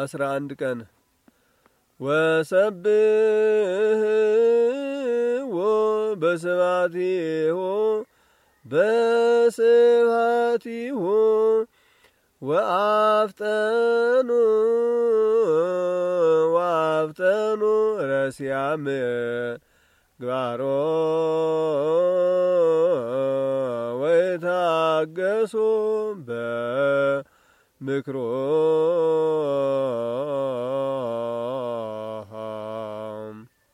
አስራ አንድ ቀን ወሰብህዎ በስብሐቲሁ በስብሐቲሁ ወአፍጠኑ ወአፍጠኑ ረሲያም ግባሮ ወይታገሶ በምክሮ